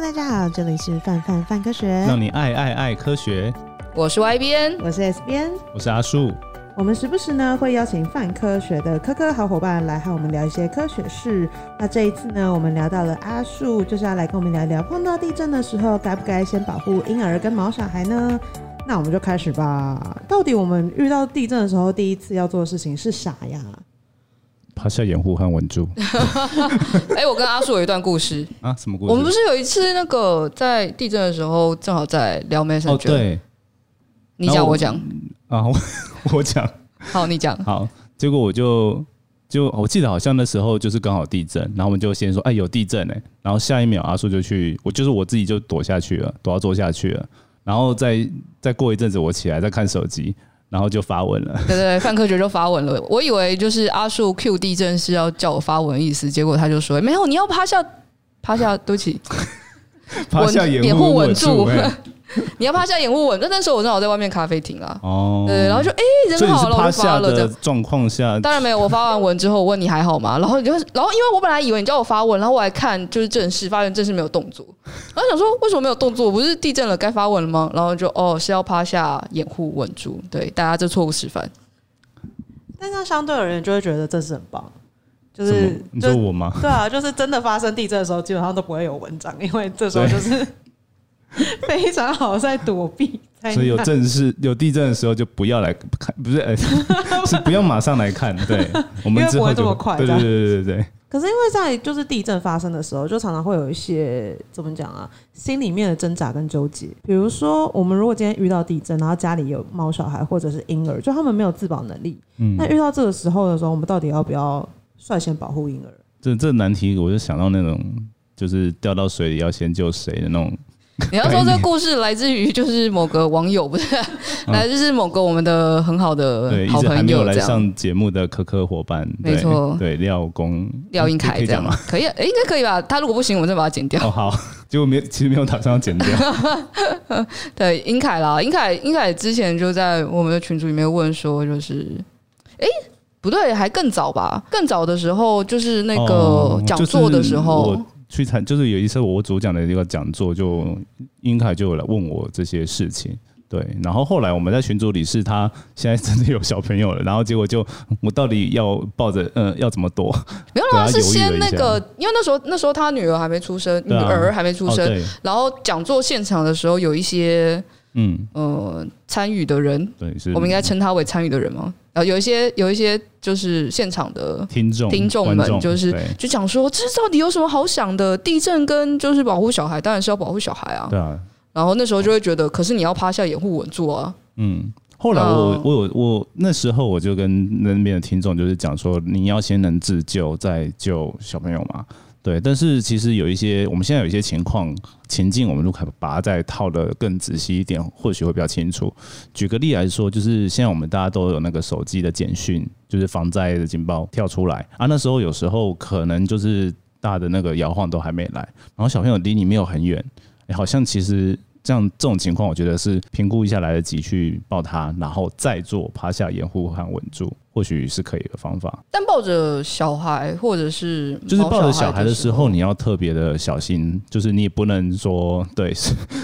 大家好，這裡是范范范科學，讓你愛愛愛科學。我是 Y 編，我是 S 編，我是阿樹。我們時不時呢會邀請范科學的科科好夥伴來和我們聊一些科學事。那這一次呢，我們聊到了阿樹，就是要來跟我們聊一聊碰到地震的時候該不該先保護嬰兒跟毛小孩呢？那我們就開始吧。到底我們遇到地震的時候，第一次要做的事情是啥呀？他需要掩護和穩住。哎，我跟阿樹有一段故事啊，什麼故事？我們不是有一次那個在地震的時候，正好在聊 Messenger 對，你講我講啊，我講。好，你講。好，結果我就就我記得好像那時候就是剛好地震，然後我們就先說哎有地震哎、欸，然後下一秒阿樹就去，我就是我自己就躲下去了，躲到桌下去了，然後再再過一陣子我起來再看手機。然後就發文了，對對，泛科學就發文了。我以為就是阿樹 Q 地震是要叫我發文的意思，結果他就說沒有，你要趴下，趴下對不起，趴下掩護穩住。欸你要趴下掩護穩。那那時候我正好在外面咖啡廳啊，哦，對，然後就哎、欸，人好了，我發了。這狀況下，當然沒有。我發完文之後，我問你還好嗎？然後你就，然後因為我本來以為你叫我發文，然後我還看就是震識，發現震識沒有動作。然後想說，為什麼沒有動作？不是地震了該發文了嗎？然後就，哦，是要趴下掩護穩住。對，大家就錯誤示範。但是相對而言，就會覺得這是很棒，就是你說我嗎、就是？對啊，就是真的發生地震的時候，基本上都不會有文章，因為這時候就是。 非常好，在躲避。所以有震事、有地震的時候，就不要來看，不是 是不要馬上來看。對，我們不會這麼快。對對對對。可是，因為在就是地震發生的時候，就常常會有一些怎麼講啊，心裡面的掙扎跟糾結。比如說，我們如果今天遇到地震，然後家裡有貓、小孩或者是嬰兒，就他們沒有自保能力。那遇到這個時候的時候，我們到底要不要率先保護嬰兒？嗯。這這難題，我就想到那種就是掉到水裡要先救誰的那種。你要說這個故事，來自於就是某個網友不是，啊嗯，來自是某個我們的很好的好朋友來上節目的可可夥伴，對，沒錯，對廖公，廖英凱這樣嗎？可以，哎，欸，應該可以吧？他如果不行，我再把他剪掉。哦，好，結果沒其實沒有打算要剪掉。 對英凱啦，英凱英凱之前就在我們的群組裡面問說，就是哎，欸，不對，還更早吧？更早的時候就是那個講座的時候。哦就是去參就是有一次我主講的一個講座就，英就英凱就來問我這些事情，對。然後後來我們在群組裡是他現在真的有小朋友了，然後結果就我到底要抱着嗯、呃、要怎麼躲？沒有啊，是先那個，因為那時候那時候他女兒還沒出生，啊、女兒還沒出生。哦、然後講座現場的時候有一些。嗯呃，參與的人，對，是我們應該稱他為參與的人嗎？啊，有一些有一些就是現場的聽眾聽眾們，就是就講說，這到底有什麼好想的？地震跟就是保護小孩，當然是要保護小孩啊。對啊。然後那時候就會覺得，可是你要趴下掩護穩住啊。嗯，後來我我我，我那時候我就跟那邊的聽眾就是講說，你要先能自救，再救小朋友嘛。對，但是其實有一些，我們現在有一些情況情境，我們如果把它再套得更仔細一點，或許會比較清楚。舉個例來說，就是現在我們大家都有那個手機的簡訊，就是防災的警報跳出來啊，那時候有時候可能就是大的那個搖晃都還沒來，然後小朋友離你沒有很遠，欸、好像其實。像這種情況，我覺得是評估一下來得及去抱他，然後再做趴下掩護和穩住，或許是可以的方法。但抱着小孩或者是就是抱着小孩的時候，就是、時候你要特別的小心，就是你也不能說對，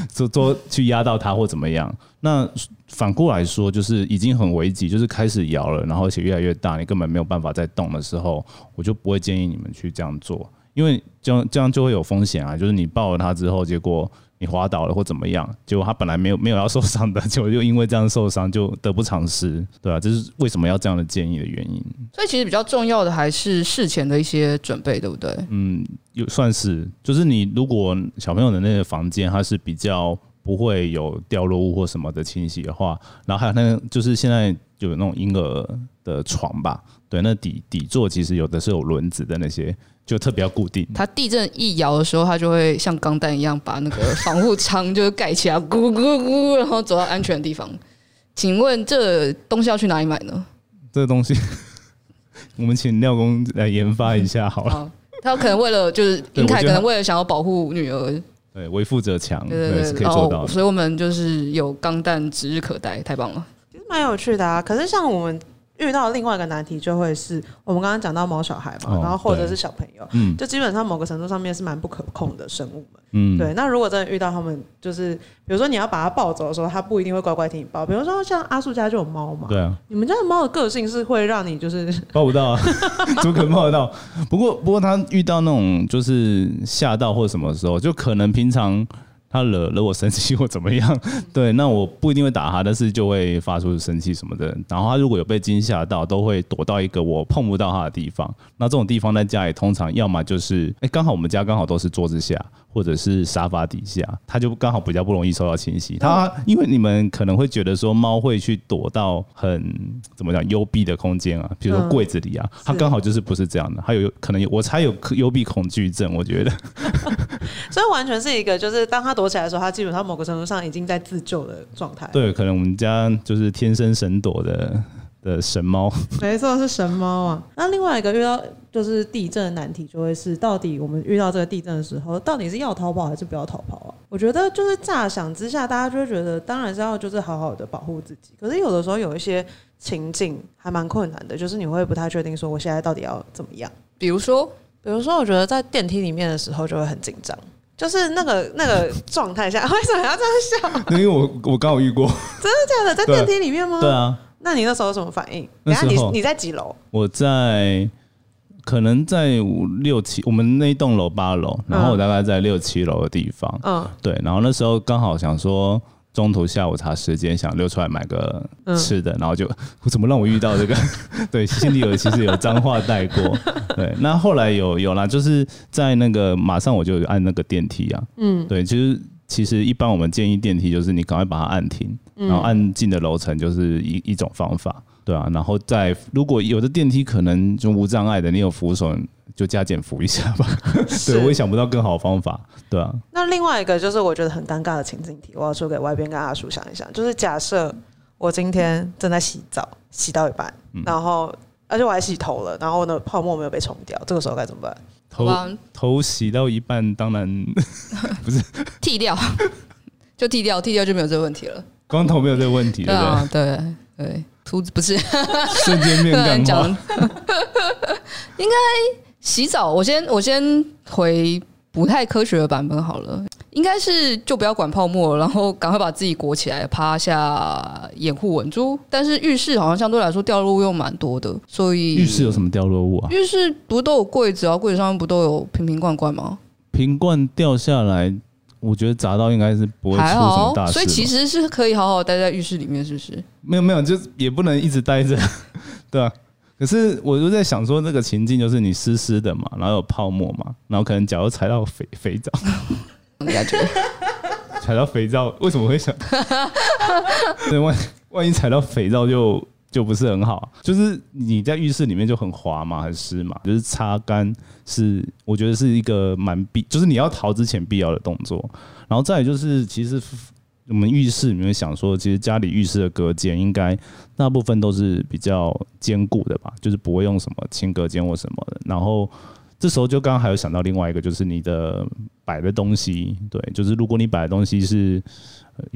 做做去壓到他或怎麼樣。 那反過來說，就是已經很危急，就是開始搖了，然後而且越來越大，你根本沒有辦法再動的時候，我就不會建議你們去這樣做，因為這樣這樣就會有風險啊。就是你抱了他之後，結果。你滑倒了或怎麼樣，結果他本來沒有沒有要受傷的，結果又因為這樣受傷就得不償失，對啊，這是為什麼要這樣的建議的原因。所以其實比較重要的還是事前的一些準備，對不對？嗯，有算是，就是你如果小朋友的那個房間它是比較不會有掉落物或什麼的侵襲的話，然後還有那個就是現在有那種嬰兒的床吧，對，那底底座其實有的是有輪子的那些，就特別要固定。它，地震一搖的時候，它就會像鋼彈一樣把那個防護艙 就是蓋起來，咕咕咕，咕，然後走到安全的地方。請問這東西要去哪裡買呢？這個、東西我們請廖工來研發一下好了好。他可能為了就是英凱，可能為了想要保護女兒，對，為富則強，對對對，可以做到、哦。所以我們就是有鋼彈指日可待，太棒了。其實蠻有趣的啊，可是像我們。遇到另外一個難題就會是我們剛剛講到毛小孩嘛，然後或者是小朋友，就基本上某個程度上面是蠻不可控的生物們。嗯，對。那如果真的遇到他們，就是比如說你要把它抱走的時候，它不一定會乖乖聽你抱。比如說像阿樹家就有貓嘛，對啊。你們家的貓的個性是會讓你就是抱不到啊？怎麼可能抱得到 不？不過不過它遇到那種就是嚇到或什麼的時候，就可能平常。他惹惹我生氣或怎麼樣？對，那我不一定會打他，但是就會發出生氣什麼的。然後他如果有被驚嚇到，都會躲到一個我碰不到他的地方。那這種地方在家裡通常要麼就是，哎、欸，剛好我們家剛好都是桌子下或者是沙發底下，它就剛好比較不容易受到侵襲。它因為你們可能會覺得說貓會去躲到很怎麼講幽閉的空間啊，比如說櫃子裡啊，它、嗯、剛好就是不是這樣的。還有可能有我才有幽閉恐懼症，我覺得。 所以完全是一個，就是當他躲起來的時候，他基本上某個程度上已經在自救的狀態。對，可能我們家就是天生神躲的的神貓 。沒錯，是神貓啊。那另外一個遇到就是地震的難題，就會是到底我們遇到這個地震的時候，到底是要逃跑還是不要逃跑啊？我覺得就是乍想之下，大家就會覺得當然是要就是好好的保護自己。可是有的時候有一些情境還蠻困難的，就是你會不太確定說我現在到底要怎麼樣。比如說。比如說，我覺得在電梯裡面的時候就會很緊張，就是那個那個狀態下，為什麼要這樣笑？因為我我剛好遇過， 真的假的，在電梯裡面嗎？對啊，那你那時候有什麼反應？那時候等下你你在幾樓？我在可能在五六七，我們那棟樓八樓，然後我大概在六七樓的地方。嗯，對，然後那時候剛好想說。中途下午茶時間，想溜出來買個吃的，嗯、然後就我怎麼讓我遇到這個？ 對，心裡有其實有髒話帶過。 對，那後來有有啦，就是在那個馬上我就按那個電梯啊。嗯，對，其實其實一般我們建議電梯就是你趕快把它按停，嗯、然後按近的樓層就是一一種方法，對啊。然後在如果有的電梯可能就無障礙的，你有扶手，就加減伏一下吧， 對，我也想不到更好的方法，對啊。那另外一個就是我覺得很尷尬的情境題，我要說給外邊跟阿樹想一想，就是假設我今天正在洗澡，洗到一半，嗯、然後而且我還洗頭了，然後呢泡沫沒有被沖掉，這個時候該怎麼辦？頭頭洗到一半，當然不是 剃掉，就剃掉，剃掉就沒有這個問題了。光頭沒有這個問題，對不對？對、啊、對，禿子不是 瞬間面感光， 應該。洗澡，我先我先回不太科學的版本好了，應該是就不要管泡沫，然後趕快把自己裹起來，趴下掩護穩住。但是浴室好像相對來說掉落物又蠻多的，所以浴室有什麼掉落物啊？浴室不都有櫃子啊？櫃子上面不都有瓶瓶罐罐嗎？瓶罐掉下來，我覺得砸到應該是不會出什麼大事，所以其實是可以好好待在浴室裡面，是不是？沒有沒有，就也不能一直待着，對吧、啊？可是我就在想說，那個情境就是你濕濕的嘛，然後有泡沫嘛，然後可能假如踩到肥肥皂 踩到肥皂，為什麼會想？對，萬萬一踩到肥皂就就不是很好，就是你在浴室裡面就很滑嘛，很濕嘛，就是擦乾是我覺得是一個蠻必，就是你要逃之前必要的動作，然後再來就是其實。我們浴室，你們想說，其實家裡浴室的隔間應該大部分都是比較堅固的吧？就是不會用什麼輕隔間或什麼的。然後這時候就剛剛還有想到另外一個，就是你的擺的東西，對，就是如果你擺的東西是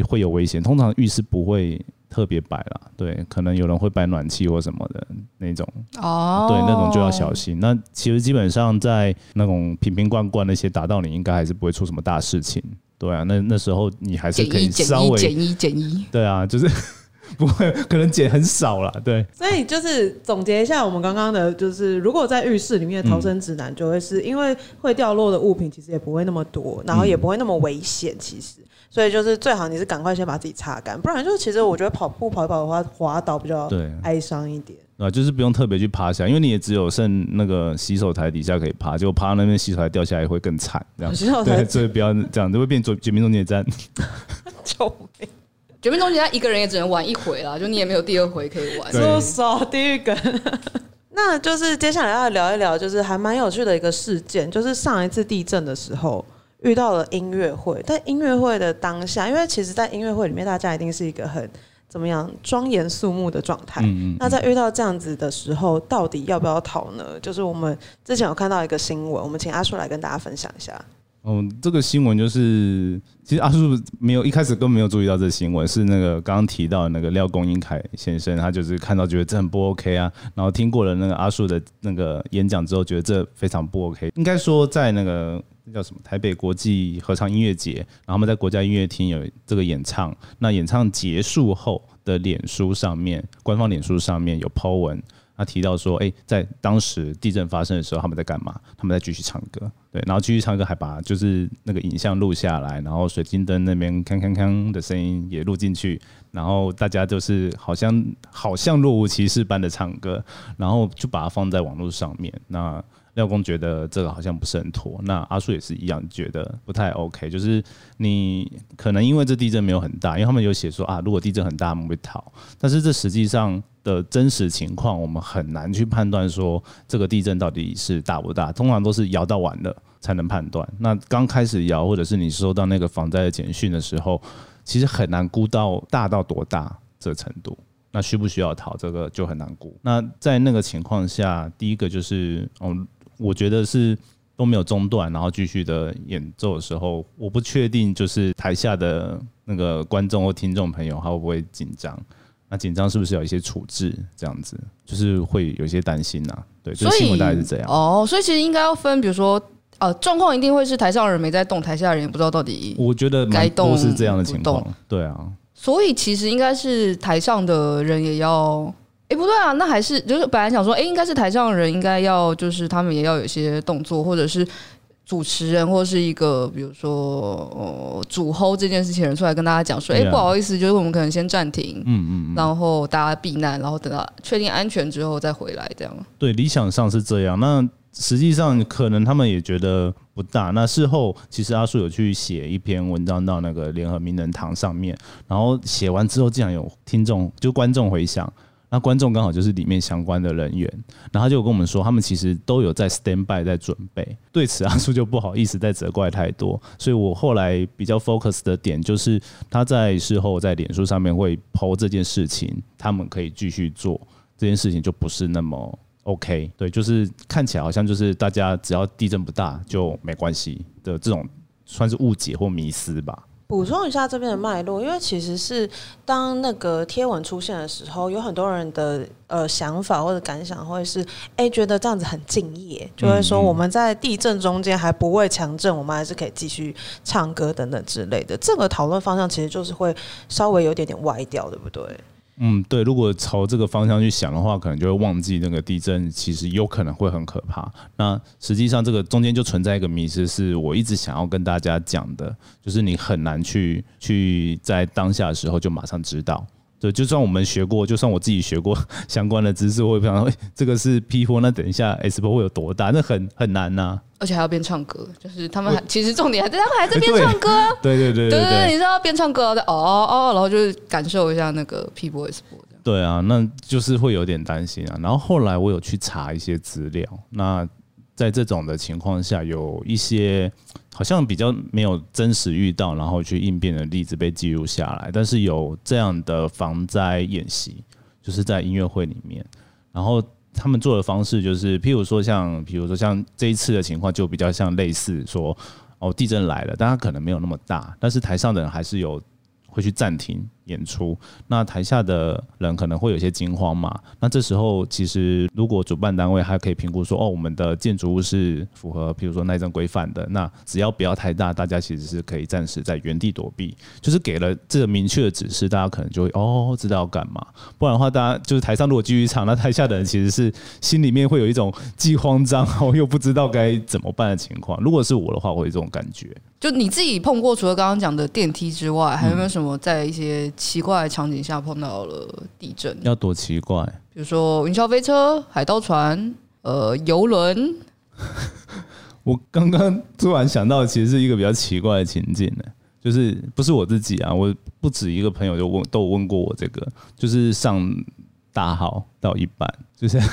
會有危險，通常浴室不會特別擺啦，對，可能有人會擺暖氣或什麼的那種哦，對，那種就要小心。那其實基本上在那種瓶瓶罐罐那些打到，你應該還是不會出什麼大事情。對啊，那那時候你還是可以稍微撿一撿，對啊，就是。不會，可能減很少啦，對。所以就是總結一下，我們剛剛的就是，如果在浴室裡面的逃生指南，就會是因為會掉落的物品其實也不會那麼多，然後也不會那麼危險，其實、嗯。所以就是最好你是趕快先把自己擦乾，不然就是其實我覺得跑步跑一跑的話，滑倒比較對哀傷一點。啊，就是不用特別去趴下，因為你也只有剩那個洗手台底下可以爬，結果爬到那邊洗手台掉下來會更慘。洗手台，對，所以不要這樣，就會變做絕命終結站。救 命！絕命終結，他一個人也只能玩一回了，就你也沒有第二回可以玩。至少第一個，那就是接下來要來聊一聊，就是還蠻有趣的一個事件，就是上一次地震的時候遇到了音樂會。但音樂會的當下，因為其實在音樂會裡面，大家一定是一個很怎麼樣莊嚴肅穆的狀態。嗯嗯。那在遇到這樣子的時候，到底要不要逃呢？就是我們之前有看到一個新聞，我們請阿樹來跟大家分享一下。嗯、哦，這個新聞就是，其實阿樹沒有一開始根本沒有注意到這個新聞，是那個剛剛提到那個廖公英凱先生，他就是看到覺得這很不 OK 啊，然後聽過了那個阿樹的那個演講之後，覺得這非常不 OK。應該說在那個叫什麼台北國際合唱音樂節，然後我們在國家音樂廳有這個演唱，那演唱結束後的臉書上面，官方臉書上面有 po 文。他提到說：“誒、欸，在當時地震發生的時候，他們在幹嘛？他們在繼續唱歌，對，然後繼續唱歌，還把就是那個影像錄下來，然後水晶燈那邊鏗鏗鏗的聲音也錄進去，然後大家就是好像好像若無其事般的唱歌，然後就把它放在網絡上面。”那廖工覺得這個好像不是很妥，那阿樹也是一樣覺得不太 OK。就是你可能因為這地震沒有很大，因為他們有寫說啊，如果地震很大，我們會逃。但是這實際上的真實情況，我們很難去判斷說這個地震到底是大不大。通常都是搖到完了才能判斷。那剛開始搖，或者是你收到那個防災的簡訊的時候，其實很難估到大到多大這個程度。那需不需要逃，這個就很難估。那在那個情況下，第一個就是嗯。我覺得是都沒有中斷，然後繼續的演奏的時候，我不確定就是台下的那個觀眾或聽眾朋友他會不會緊張，那緊張是不是有一些處置這樣子，就是會有一些擔心吶、啊，對，所以就大概是這樣哦。所以其實應該要分，比如說呃，狀況一定會是台上人沒在動，台下人也不知道到底該動不動。我覺得該動是這樣的情況，對啊。所以其實應該是台上的人也要。哎、欸，不對啊，那還是就是本來想說，哎、欸，應該是台上的人應該要就是他們也要有一些動作，或者是主持人或是一個比如說、呃、主吼這件事情的人出來跟大家講說，哎、啊，欸、不好意思，就是我們可能先暫停，嗯，嗯嗯，然後大家避難，然後等到確定安全之後再回來，這樣。對，理想上是這樣，那實際上可能他們也覺得不大。那事後其實阿樹有去寫一篇文章到那個聯合名人堂上面，然後寫完之後竟然有聽眾就觀眾回響。那觀眾剛好就是裡面相關的人員，然後他就跟我們說，他們其實都有在 stand by 在準備。對此，阿樹就不好意思再責怪太多。所以我後來比較 focus 的點就是，他在事後在臉書上面會 po 這件事情，他們可以繼續做這件事情，就不是那麼 OK。對，就是看起來好像就是大家只要地震不大就沒關係的這種，算是誤解或迷思吧。補充一下這邊的脈絡，因為其實是當那個貼文出現的時候，有很多人的呃想法或者感想會是，哎、欸，覺得這樣子很敬業，就會說我們在地震中間還不畏強震，我們還是可以繼續唱歌等等之類的。這個討論方向其實就是會稍微有點點歪掉，對不對？嗯，對，如果朝這個方向去想的話，可能就會忘記那個地震其實有可能會很可怕。那實際上這個中間就存在一個迷思，是我一直想要跟大家講的，就是你很難去去在當下的時候就馬上知道。對，就算我們學過，就算我自己學過相關的知識，我也會想說，欸，這個是 P 波，那等一下 S 波會有多大？那很很難吶、啊。而且還要邊唱歌，就是他們還其實重點還在他們還在邊唱歌。對對對，對，對對，對，對對，你知道邊唱歌在哦哦，哦，然後就是感受一下那個 P 波 S 波。對啊，那就是會有點擔心啊。然後後來我有去查一些資料，那。在這種的情況下，有一些好像比較沒有真實遇到，然後去應變的例子被記錄下來。但是有這樣的防災演習，就是在音樂會裡面，然後他們做的方式就是，譬如說像，譬如說像這一次的情況，就比較像類似說，哦，地震來了，但它可能沒有那麼大，但是台上的人還是有會去暫停演出，那台下的人可能會有些驚慌嘛。那這時候，其實如果主辦單位還可以評估說，哦，我們的建築物是符合，譬如說耐震規範的，那只要不要太大，大家其實是可以暫時在原地躲避，就是給了這個明確的指示，大家可能就會哦知道要幹嘛。不然的話，大家就是台上如果繼續唱，那台下的人其實是心裡面會有一種既慌張又不知道該怎麼辦的情況。如果是我的話，我會有這種感覺。就你自己碰過，除了剛剛講的電梯之外，還有沒有什麼在一些？奇怪的場景下碰到了地震，要多奇怪？比如說雲霄飛車、海盜船、呃、遊輪。 我剛剛突然想到，其實是一個比較奇怪的情景呢，就是不是我自己啊，我不止一個朋友就問，都問過我這個，就是上大號到一半，就是、啊、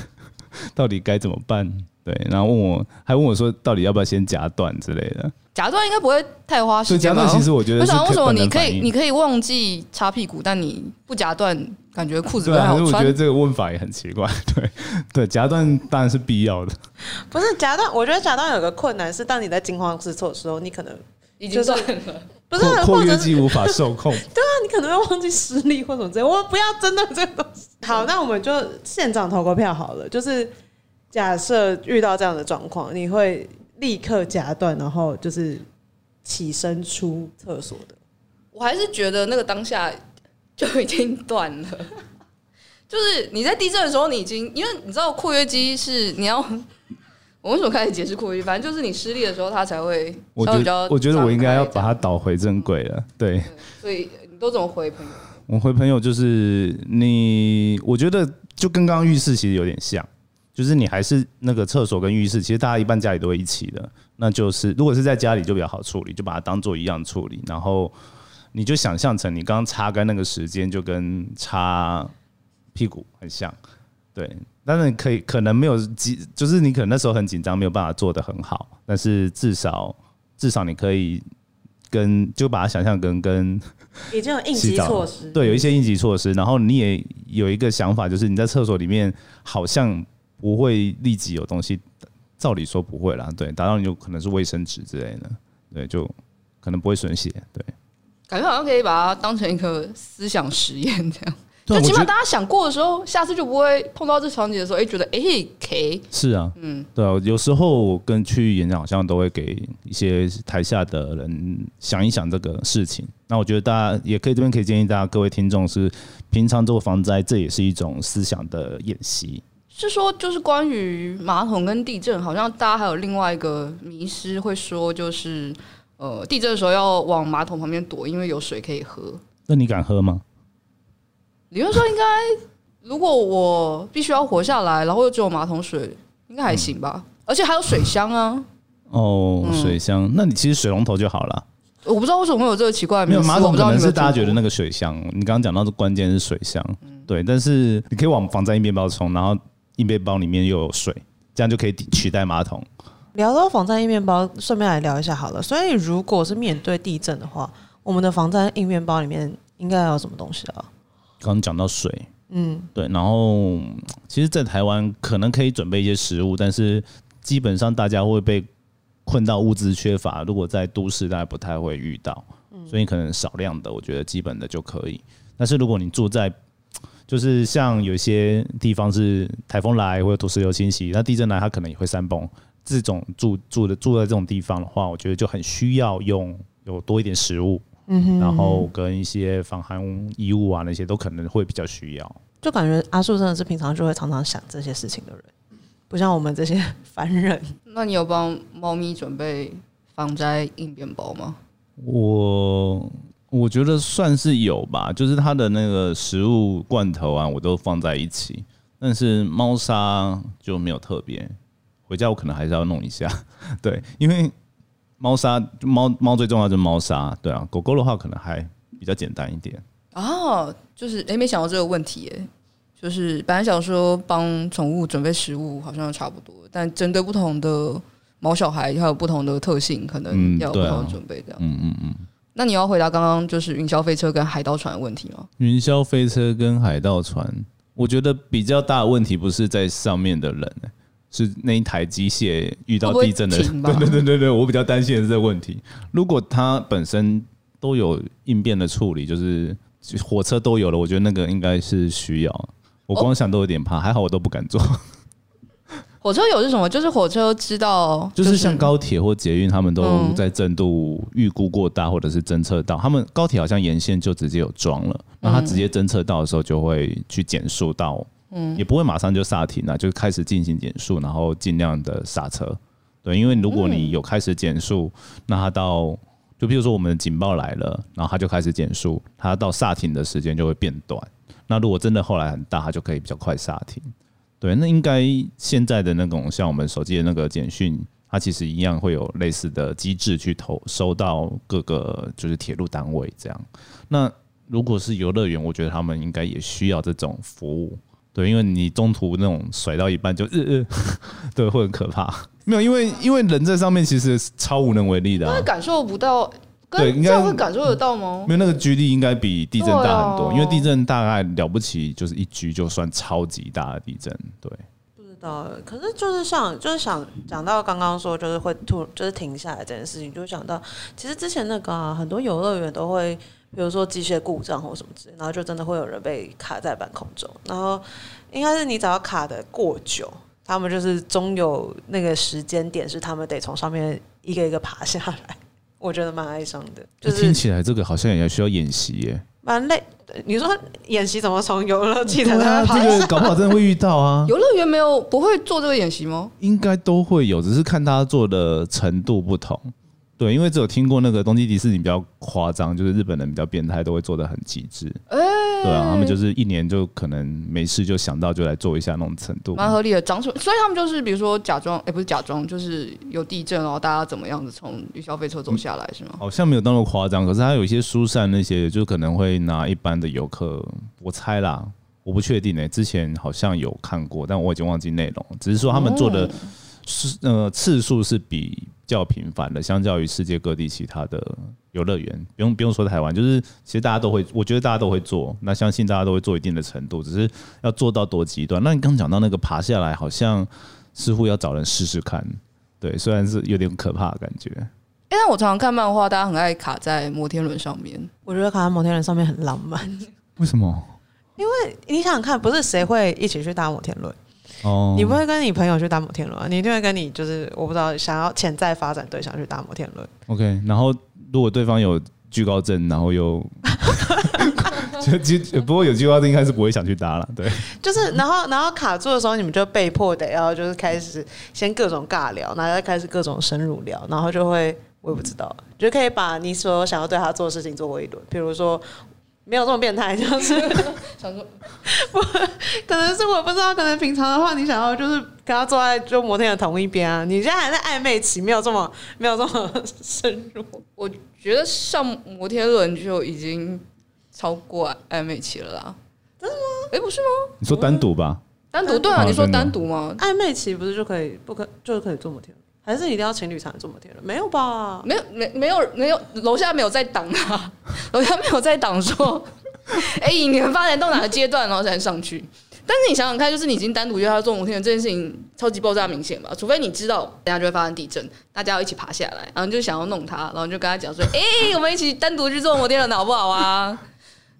到底該怎麼辦？對，然後問我還問我說，到底要不要先夾斷之類的？夾斷應該不會太花時間。夾斷其實我覺得是，我想問，為什麼你可以你可以忘記擦屁股，但你不夾斷，感覺褲子不太好穿？啊、是我覺得這個問法也很奇怪。對對，夾斷當然是必要的。嗯、不是夾斷，我覺得夾斷有個困難是，當你在驚慌失措的時候，你可能、就是、已經斷了，不是，或者無法受控。 對啊，你可能會忘記失力或者什麼之類。我不要爭論這個東西。好，那我們就現場投個票好了，就是。假設遇到這樣的狀況，你會立刻夾斷，然後就是起身出廁所的。我還是覺得那個當下就已經斷了。 就是你在地震的時候，你已經因為你知道括約肌是你要，我為什麼開始解釋括約肌？反正就是你失利的時候，它才會我。我覺得我覺得我應該要把它倒回正軌了，對。對，所以你都怎麼回朋友？我回朋友就是你，我覺得就跟剛剛浴室，其實有點像。就是你還是那個廁所跟浴室，其實大家一般家裡都會一起的。那就是如果是在家裡就比較好處理，就把它當做一樣處理。然後你就想象成你剛擦乾那個時間就跟擦屁股很像，對。但是可以可能沒有急，就是你可能那時候很緊張，沒有辦法做得很好。但是至少至少你可以跟就把它想象跟跟，也就應急措施， 對，有一些應急措施。然後你也有一個想法，就是你在廁所裡面好像。不會立即有東西，照理說不會啦。對，打到你就可能是衛生紙之類的，對，就可能不會損血。對，感覺好像可以把它當成一個思想實驗這樣。那起碼大家想過的時候，下次就不會碰到這場景的時候，哎、欸，覺得哎，可、欸、以。是啊，嗯，對啊。有時候跟去演講，好像都會給一些台下的人想一想這個事情。那我覺得大家也可以這邊可以建議大家各位聽眾是平常做防災，這也是一種思想的演習。就是說，就是關於馬桶跟地震，好像大家還有另外一個迷思，會說就是，呃，地震的時候要往馬桶旁邊躲，因為有水可以喝。那你敢喝嗎？理論上應該，如果我必須要活下來，然後又只有馬桶水，應該還行吧、嗯？而且還有水箱啊。哦，嗯、水箱，那你其實水龍頭就好了、嗯。我不知道為什麼會有這個奇怪的沒沒有馬桶失，可能是大家覺得那個水箱，嗯、你剛剛講到是關鍵，是水箱，對。但是你可以往防災應麵包衝，然後。硬背包裡面又有水，這樣就可以取代馬桶。聊到防災硬麵包，順便來聊一下好了。所以如果是面對地震的話，我們的防災硬麵包裡面應該要有什麼東西啊？剛講到水，嗯，對。然後，其實，在台灣可能可以準備一些食物，但是基本上大家會被困到物資缺乏。如果在都市，大家不太會遇到。嗯，所以可能少量的，我覺得基本的就可以。但是如果你住在就是像有些地方是台風來或者土石流侵襲，那地震來它可能也會山崩。這種住住的住在這種地方的話，我覺得就很需要用有多一點食物，嗯哼，然後跟一些防寒衣物啊那些都可能會比較需要。就感覺阿樹真的是平常就會常常想這些事情的人，不像我們這些凡人。那你有幫貓咪準備防災應變包嗎？我。我覺得算是有吧，就是它的那個食物罐頭啊，我都放在一起。但是貓砂就沒有特別。回家我可能還是要弄一下。對，因為貓砂貓貓最重要就是貓砂，對啊。狗狗的話可能還比較簡單一點。啊，就是哎、欸，沒想到這個問題、欸，哎，就是本來想說幫寵物準備食物好像差不多，但針對不同的毛小孩，它有不同的特性，可能要不同的準備這樣嗯、啊。嗯嗯嗯。嗯那你要回答剛剛就是雲霄飛車跟海盜船的問題嗎？雲霄飛車跟海盜船，我覺得比較大的問題不是在上面的人，是那一台機械遇到地震的人。對對對對對，對，我比較擔心的是這個問題。如果它本身都有應變的處理，就是火車都有了，我覺得那個應該是需要。我光想都有點怕，還好我都不敢坐。火車有是什麼？就是火車知道，就是像高鐵或捷運，他們都在震度預估過大，或者是偵測到他們高鐵好像沿線就直接有裝了，那他直接偵測到的時候就會去減速到，嗯，也不會馬上就剎停了，就開始進行減速，然後盡量的剎車。對，因為如果你有開始減速，那他到就比如說我們的警報來了，然後他就開始減速，他到剎停的時間就會變短。那如果真的後來很大，他就可以比較快剎停。對，那應該現在的那種像我們手機的那個簡訊，它其實一樣會有類似的機制去投收到各個就是鐵路單位這樣。那如果是遊樂園，我覺得他們應該也需要這種服務。對，因為你中途那種甩到一半就日、呃、日、呃，對，會很可怕。沒有，因為因為人在上面其實超無能為力的、啊，他感受不到。對，應該會感受得到嗎？嗯、沒有那個 G 力應該比地震大很多，啊、因為地震大概了不起就是一 G 就算超級大的地震。對，不知道。可是就是像就是想講到剛剛說就是會突就是停下來這件事情，就想到其實之前那個、啊、很多遊樂園都會，比如說機械故障或什麼之類，然後就真的會有人被卡在半空中。然後應該是你只要卡的過久，他們就是總有那個時間點是他們得從上面一個一個爬下來。我覺得蠻哀傷的，就是、聽起來這個好像也需要演習耶、欸，蠻累。你說演習怎麼從遊樂器材這個，啊、搞不好真的會遇到啊？遊樂園沒有不會做這個演習嗎？應該都會有，只是看大家做的程度不同。對，因為只有聽過那個東京迪士尼比較誇張，就是日本人比較變態，都會做得很極致、欸。對啊，他們就是一年就可能沒事就想到就來做一下那種程度，蠻合理的。長什所以他們就是比如說假裝，哎、欸，不是假裝，就是有地震哦，大家怎麼樣子從消費車走下來、嗯、是嗎？好、哦、像沒有那麼誇張，可是他有一些疏散那些，就可能會拿一般的遊客，我猜啦，我不確定呢、欸。之前好像有看過，但我已經忘記內容，只是說他們做的、嗯。是呃，次數是比較頻繁的，相較於世界各地其他的遊樂園，不用不用說台灣，就是其實大家都會，我覺得大家都會做，那相信大家都會做一定的程度，只是要做到多極端。那你剛講到那個爬下來，好像似乎要找人試試看，對，雖然是有點可怕的感覺。欸，但我常常看漫畫，大家很愛卡在摩天輪上面，我覺得卡在摩天輪上面很浪漫。為什麼？因為你想想看，不是誰會一起去搭摩天輪？Oh、你不會跟你朋友去搭摩天輪、啊，你一定會跟你就是我不知道想要潛在發展對象去搭摩天輪。OK，然後如果對方有懼高症，然後又 不過有懼高症應該是不會想去搭了，對。就是然後然後卡住的時候，你們就被迫得要就是開始先各種尬聊，然後再開始各種深入聊，然後就會我也不知道，就可以把你所想要對他做的事情做過一輪，比如說。沒有這麼變態，就是 想說，不，可能是我不知道，可能平常的話，你想要就是跟他坐在就摩天輪同一邊啊，你現在還在曖昧期，沒有這麼沒有這麼深入。我覺得上摩天輪就已經超過曖昧期了啦，真的嗎？哎、欸，不是嗎？你說單獨吧，單獨對啊，你說單獨嗎？曖昧期不是就可以不可就是可以坐摩天輪。還是一定要情侶才能坐摩天輪？沒有吧？沒有沒沒有沒有，樓下沒有在擋啊，樓下沒有在擋說。哎、 欸，你們發展到哪個階段然後才能上去？但是你想想看，就是你已經單獨約他坐摩天輪這件事情，超級爆炸明顯吧？除非你知道，等下就會發生地震，大家要一起爬下來，然後你就想要弄他，然後你就跟他講說：“哎、 欸，我們一起單獨去坐摩天輪好不好啊？”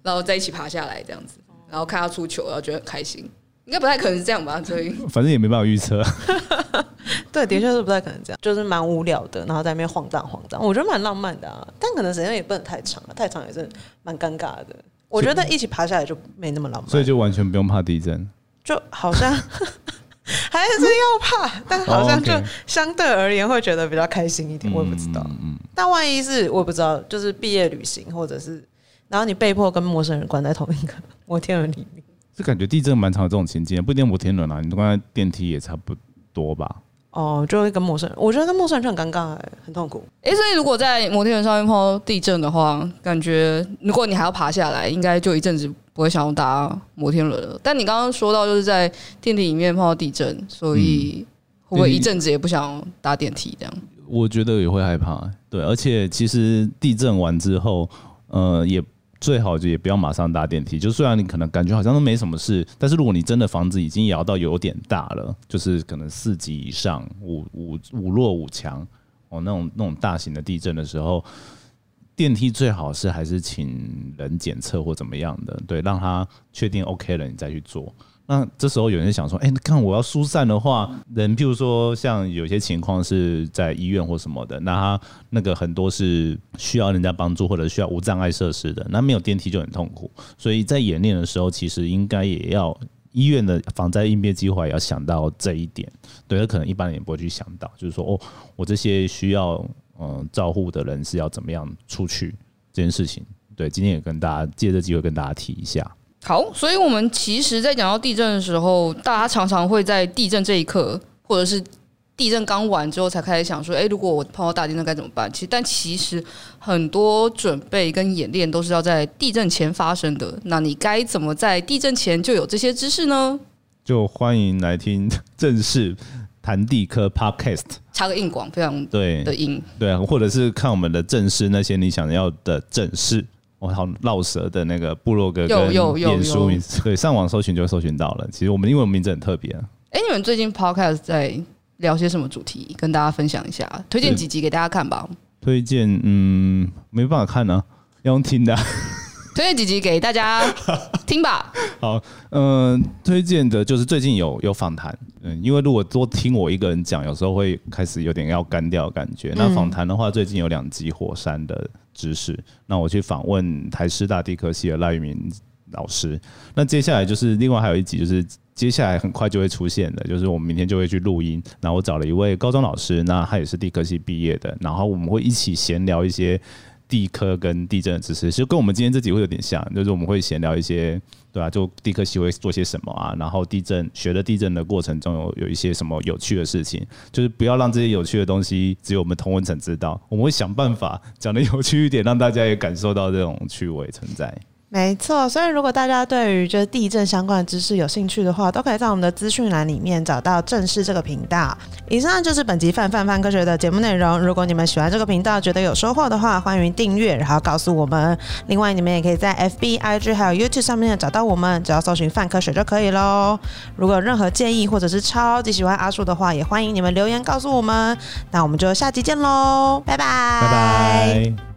然後再一起爬下來這樣子，然後看他出糗，然後覺得很開心。應該不太可能是這樣吧，所以反正也沒辦法預測。對，的確是不太可能這樣，就是蠻無聊的，然後在那邊晃荡晃蕩，我覺得蠻浪漫的啊。但可能時間也不能太長了，太長也是蠻尷尬的。我覺得一起爬下來就沒那麼浪漫，所以就完全不用怕地震，就好像 還是要怕， 但好像就相對而言會覺得比較開心一點。哦，okay，我也不知道，嗯嗯嗯，但萬一是我也不知道，就是畢業旅行或者是，然後你被迫跟陌生人關在同一個摩天輪裡面。就感覺地震蠻常有這種情境，不一定摩天輪啦、啊，你剛才電梯也差不多吧？哦，就會跟陌生人，我覺得跟陌生人就很尷尬哎，很痛苦。哎、欸，所以如果在摩天輪上面碰到地震的話，感覺如果你還要爬下來，應該就一陣子不會想要搭摩天輪了。但你剛剛說到就是在電梯裡面碰到地震，所以會不會一陣子也不想搭電梯這樣、嗯？我覺得也會害怕、欸，對，而且其實地震完之後，呃，也。最好就也不要馬上搭電梯，就雖然你可能感覺好像都沒什麼事，但是如果你真的房子已經搖到有點大了，就是可能四級以上，五五五弱五強哦，那種那種大型的地震的時候，電梯最好是還是請人檢測或怎麼樣的，對，讓他確定 OK 了，你再去坐。那這時候有人想說，哎、欸，那看我要疏散的話，人，譬如說像有些情況是在醫院或什麼的，那他那個很多是需要人家幫助或者需要無障礙設施的，那沒有電梯就很痛苦。所以在演練的時候，其實應該也要醫院的防災應變計劃也要想到這一點。對，他可能一般人也不會去想到，就是說哦，我這些需要嗯照護的人是要怎麼樣出去這件事情。對，今天也跟大家借這機會跟大家提一下。好，所以我們其實，在講到地震的時候，大家常常會在地震這一刻，或者是地震剛完之後，才開始想說：“哎，如果我碰到大地震該怎麼辦？”其實，但其實很多準備跟演練都是要在地震前發生的。那你該怎麼在地震前就有這些知識呢？就歡迎來聽震識談地科 Podcast，插個硬廣，非常的硬對的音，對啊，或者是看我們的震識那些你想要的震識。我好繞舌的那個部落格，有，有有有有，可以上網搜尋就會搜尋到了。其實我們英文名字很特別啊、欸。你們最近 podcast 在聊些什麼主題？跟大家分享一下，推薦幾集給大家看吧。推薦嗯，沒辦法看呢、啊，要用聽的、啊。 推薦幾集給大家聽吧 好，嗯、呃，推薦的就是最近有有訪談，嗯，因為如果多聽我一個人講，有時候會開始有點要幹掉感覺。那訪談的話、嗯，最近有兩集火山的。知識，那我去訪問台師大地科系的賴玉明老師。那接下來就是另外還有一集，就是接下來很快就會出現的，就是我們明天就會去錄音。那我找了一位高中老師，那他也是地科系畢業的，然後我們會一起閒聊一些。地科跟地震的知識，其實跟我們今天這集會有點像，就是我們會閒聊一些，對吧、啊？就地科系會做些什麼啊？然後地震學的地震的過程中有有一些什麼有趣的事情，就是不要讓這些有趣的東西只有我們同溫層知道，我們會想辦法講得有趣一點，讓大家也感受到這種趣味存在。沒錯，所以如果大家對於就是地震相關的知識有興趣的話，都可以在我們的資訊欄裡面找到震識這個頻道。以上就是本集泛泛泛科學的節目內容。如果你們喜歡這個頻道，覺得有收穫的話，歡迎訂閱，然後告訴我們。另外，你們也可以在 FB、IG、還有 YouTube 上面找到我們，只要搜尋“泛科學”就可以嘍。如果有任何建議，或者是超級喜歡阿樹的話，也歡迎你們留言告訴我們。那我們就下集見嘍，拜拜，拜拜。